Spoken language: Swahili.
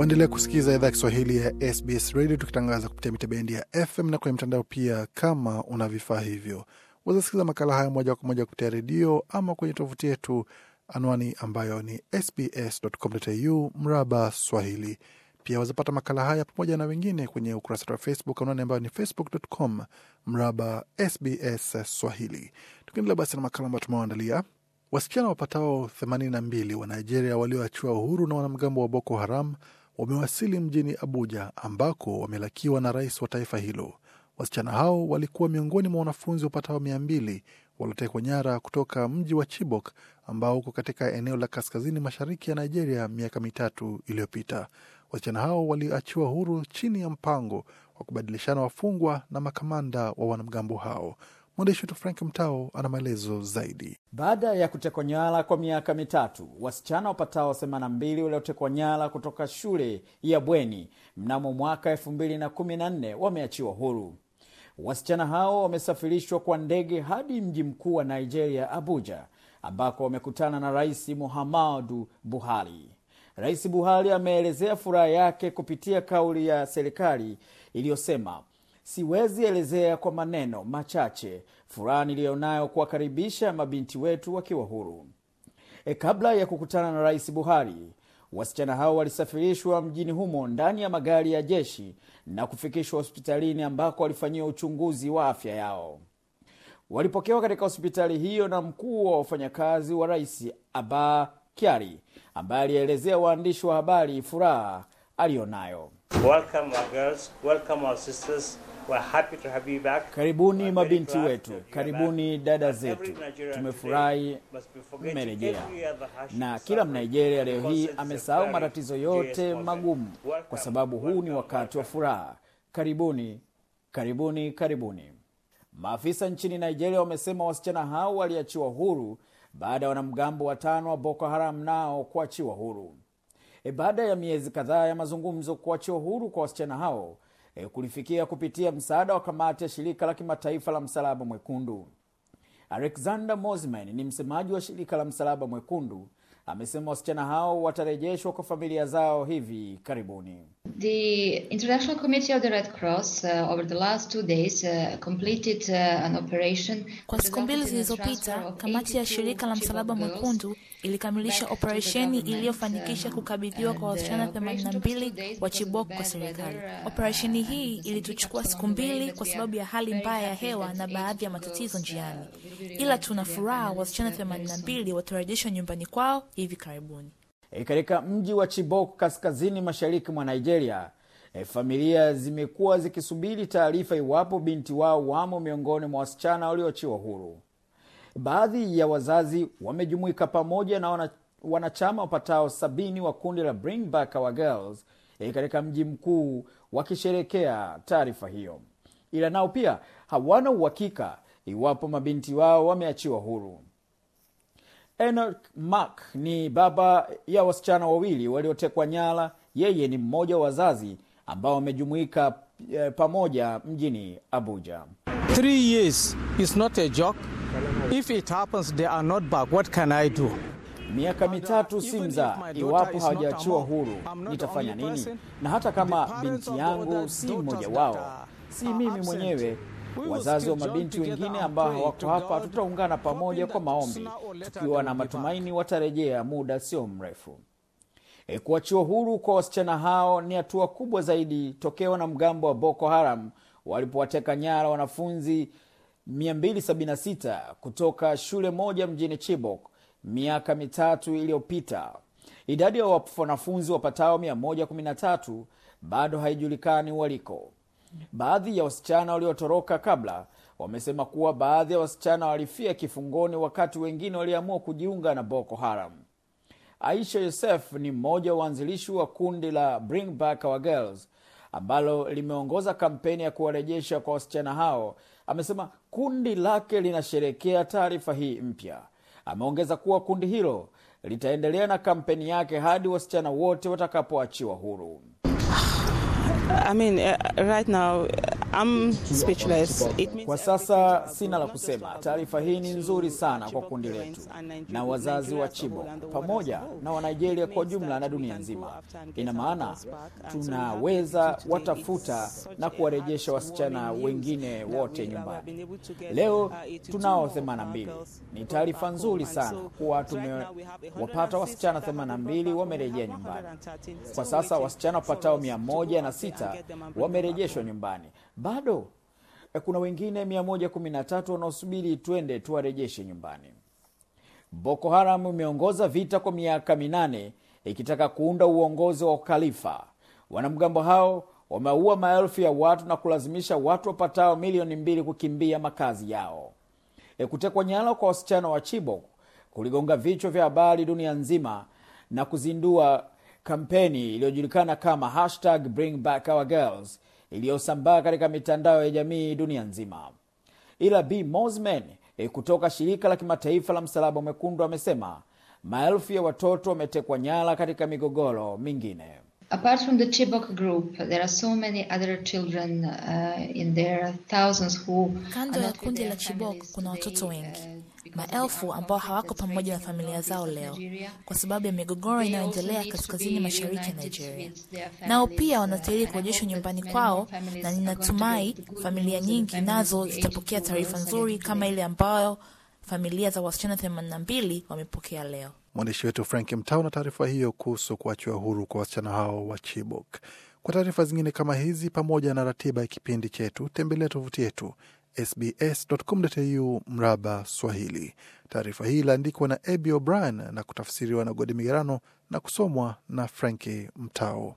Waendelea kusikiza idhaa Kiswahili ya SBS Radio tukitangaza kupitia mitabendi ya FM na kwenye mtandao pia. Kama una vifaa hivyo, wazasikiza makala haya moja kwa moja kupitia redio ama kwenye tovuti yetu, anwani ambayo ni sbs.com.au mraba Swahili. Pia wazapata makala haya pamoja na wengine kwenye ukurasa wa Facebook, anwani ambayo ni facebook.com mraba SBS Swahili. Tukiendelea basi na makala ambayo tumewaandalia Wasichana wapatao 82 wa Nigeria walioachiwa uhuru na wanamgambo wa Boko Haram wamewasili mjini Abuja ambako wamelakiwa na rais wa taifa hilo. Wasichana hao walikuwa miongoni mwa wanafunzi wapatao mia mbili waliotekwa nyara kutoka mji wa Chibok ambao uko katika eneo la kaskazini mashariki ya Nigeria miaka mitatu iliyopita. Wasichana hao waliachiwa huru chini ya mpango wa kubadilishana wafungwa na makamanda wa wanamgambo hao. Mwandishi wetu Frank Mtao ana maelezo zaidi. Baada ya kutekwa nyara kwa miaka mitatu, wasichana wapatao 82 waliotekwa nyara kutoka shule ya bweni mnamo mwaka 2014 wameachiwa huru. Wasichana hao wamesafirishwa kwa ndege hadi mji mkuu wa Nigeria, Abuja, ambako wamekutana na Rais Muhammadu Buhari. Rais Buhari ameelezea furaha yake kupitia kauli ya serikali iliyosema siwezi elezea kwa maneno machache furaha niliyonayo kuwakaribisha mabinti wetu wakiwa huru. E, kabla ya kukutana na Rais Buhari, wasichana hao walisafirishwa mjini humo ndani ya magari ya jeshi na kufikishwa hospitalini ambako walifanyiwa uchunguzi wa afya yao. Walipokewa katika hospitali hiyo na mkuu wa wafanyakazi wa rais Aba Kyari, ambaye alielezea waandishi wa habari furaha aliyonayo. Welcome our girls, welcome our sisters. Karibuni mabinti wetu, karibuni dada zetu, tumefurahi mmerejea. Na kila Mnigeria leo hii amesahau matatizo yote magumu, kwa sababu huu ni wakati wa furaha. Karibuni, karibuni, karibuni. Maafisa nchini Nigeria wamesema wasichana hao waliachiwa huru baada ya wanamgambo watano wa Boko Haram nao kuachiwa huru. E, baada ya miezi kadhaa ya mazungumzo, kuachiwa huru kwa wasichana hao e, kulifikia kupitia msaada wa kamati ya shirika la kimataifa la msalaba mwekundu. Alexander Mosman ni msemaji wa shirika la msalaba mwekundu amesema wasichana hao watarejeshwa kwa familia zao hivi karibuni. The International Committee of the Red Cross uh, over the last two days uh, completed uh, an operation. Kwa siku mbili zilizopita, kamati ya shirika la msalaba mwekundu ilikamilisha operesheni iliyofanikisha uh, kukabidhiwa kwa wasichana 82 uh, wa Chibok kwa serikali. Uh, operesheni hii ilituchukua siku mbili kwa sababu ya hali mbaya ya hewa na baadhi ya matatizo njiani, ila tuna furaha wasichana 82 watarejeshwa nyumbani kwao hivi karibuni. E, katika mji wa Chibok kaskazini mashariki mwa Nigeria, e, familia zimekuwa zikisubiri taarifa iwapo binti wao wamo miongoni mwa wasichana walioachiwa huru. Baadhi ya wazazi wamejumuika pamoja na wanachama wapatao sabini wa kundi la Bring Back Our Girls e, katika mji mkuu wakisherekea taarifa hiyo, ila nao pia hawana uhakika iwapo mabinti wao wameachiwa huru. Enoch Mark ni baba ya wasichana wawili waliotekwa nyara. Yeye ni mmoja wa wazazi ambao wamejumuika eh, pamoja mjini Abuja. Three years is not a joke. If it happens they are not back, what can I do? Miaka mitatu Simza, iwapo hawajaachiwa huru nitafanya nini? Na hata kama binti yangu si mmoja wao, si mimi mwenyewe wazazi wa mabinti wengine ambao hawako hapa, tutaungana pamoja kwa maombi, tukiwa na matumaini watarejea muda sio mrefu. E, kuachiwa huru kwa wasichana hao ni hatua kubwa zaidi tokea wanamgambo wa Boko Haram walipowateka nyara wanafunzi 276 kutoka shule moja mjini Chibok miaka mitatu iliyopita. Idadi ya wanafunzi wapatao 113 bado haijulikani waliko. Baadhi ya wasichana waliotoroka kabla wamesema kuwa baadhi ya wasichana walifia kifungoni, wakati wengine waliamua kujiunga na Boko Haram. Aisha Yosef ni mmoja wa waanzilishi wa kundi la Bring Our Girls ambalo limeongoza kampeni ya kuwarejesha kwa wasichana hao amesema kundi lake linasherekea taarifa hii mpya. Ameongeza kuwa kundi hilo litaendelea na kampeni yake hadi wasichana wote watakapoachiwa huru. I mean, uh, right now, uh... I'm speechless. It means kwa sasa sina la kusema. Taarifa hii ni nzuri sana kwa kundi letu na wazazi wa Chibok pamoja na Wanigeria kwa jumla na dunia nzima. Ina maana tunaweza watafuta na kuwarejesha wasichana wengine wote nyumbani. Leo uh, tunao 82. Uh, ni taarifa nzuri sana kuwa tumewapata wasichana 82 wamerejea nyumbani. Kwa sasa wasichana wapatao 106 wamerejeshwa nyumbani bado eh, kuna wengine 113 wanaosubiri twende tuwarejeshe nyumbani. Boko Haram imeongoza vita kwa miaka minane ikitaka kuunda uongozi wa ukhalifa. Wanamgambo hao wameua maelfu ya watu na kulazimisha watu wapatao milioni mbili kukimbia makazi yao. E, kutekwa nyala kwa wasichana wa Chibok kuligonga vichwa vya habari dunia nzima na kuzindua kampeni iliyojulikana kama hashtag Bring Back Our Girls iliyosambaa katika mitandao ya jamii dunia nzima. Ila B Mosman eh, kutoka shirika la kimataifa la Msalaba Mwekundu amesema maelfu ya watoto wametekwa nyara katika migogoro mingine apart from the Chibok group, there are so many other children uh, in there, thousands who Kando ya kundi la Chibok kuna watoto uh, wengi maelfu ambao hawako pamoja na familia zao leo kwa sababu ya migogoro inayoendelea kaskazini mashariki ya Nigeria. Nao pia uh, wanastahili kurejeshwa nyumbani kwao, na ninatumai familia nyingi nazo zitapokea taarifa nzuri kama ile ambayo familia za wasichana 82 wamepokea leo. Mwandishi wetu Frank Mtao na taarifa hiyo kuhusu kuachiwa huru kwa wasichana hao wa Chibok. Kwa taarifa zingine kama hizi pamoja na ratiba ya kipindi chetu tembelea tovuti yetu sbs.com.au mraba Swahili. Taarifa hii iliandikwa na Abi O'Brien na kutafsiriwa na Gode Migerano na kusomwa na Franki Mtao.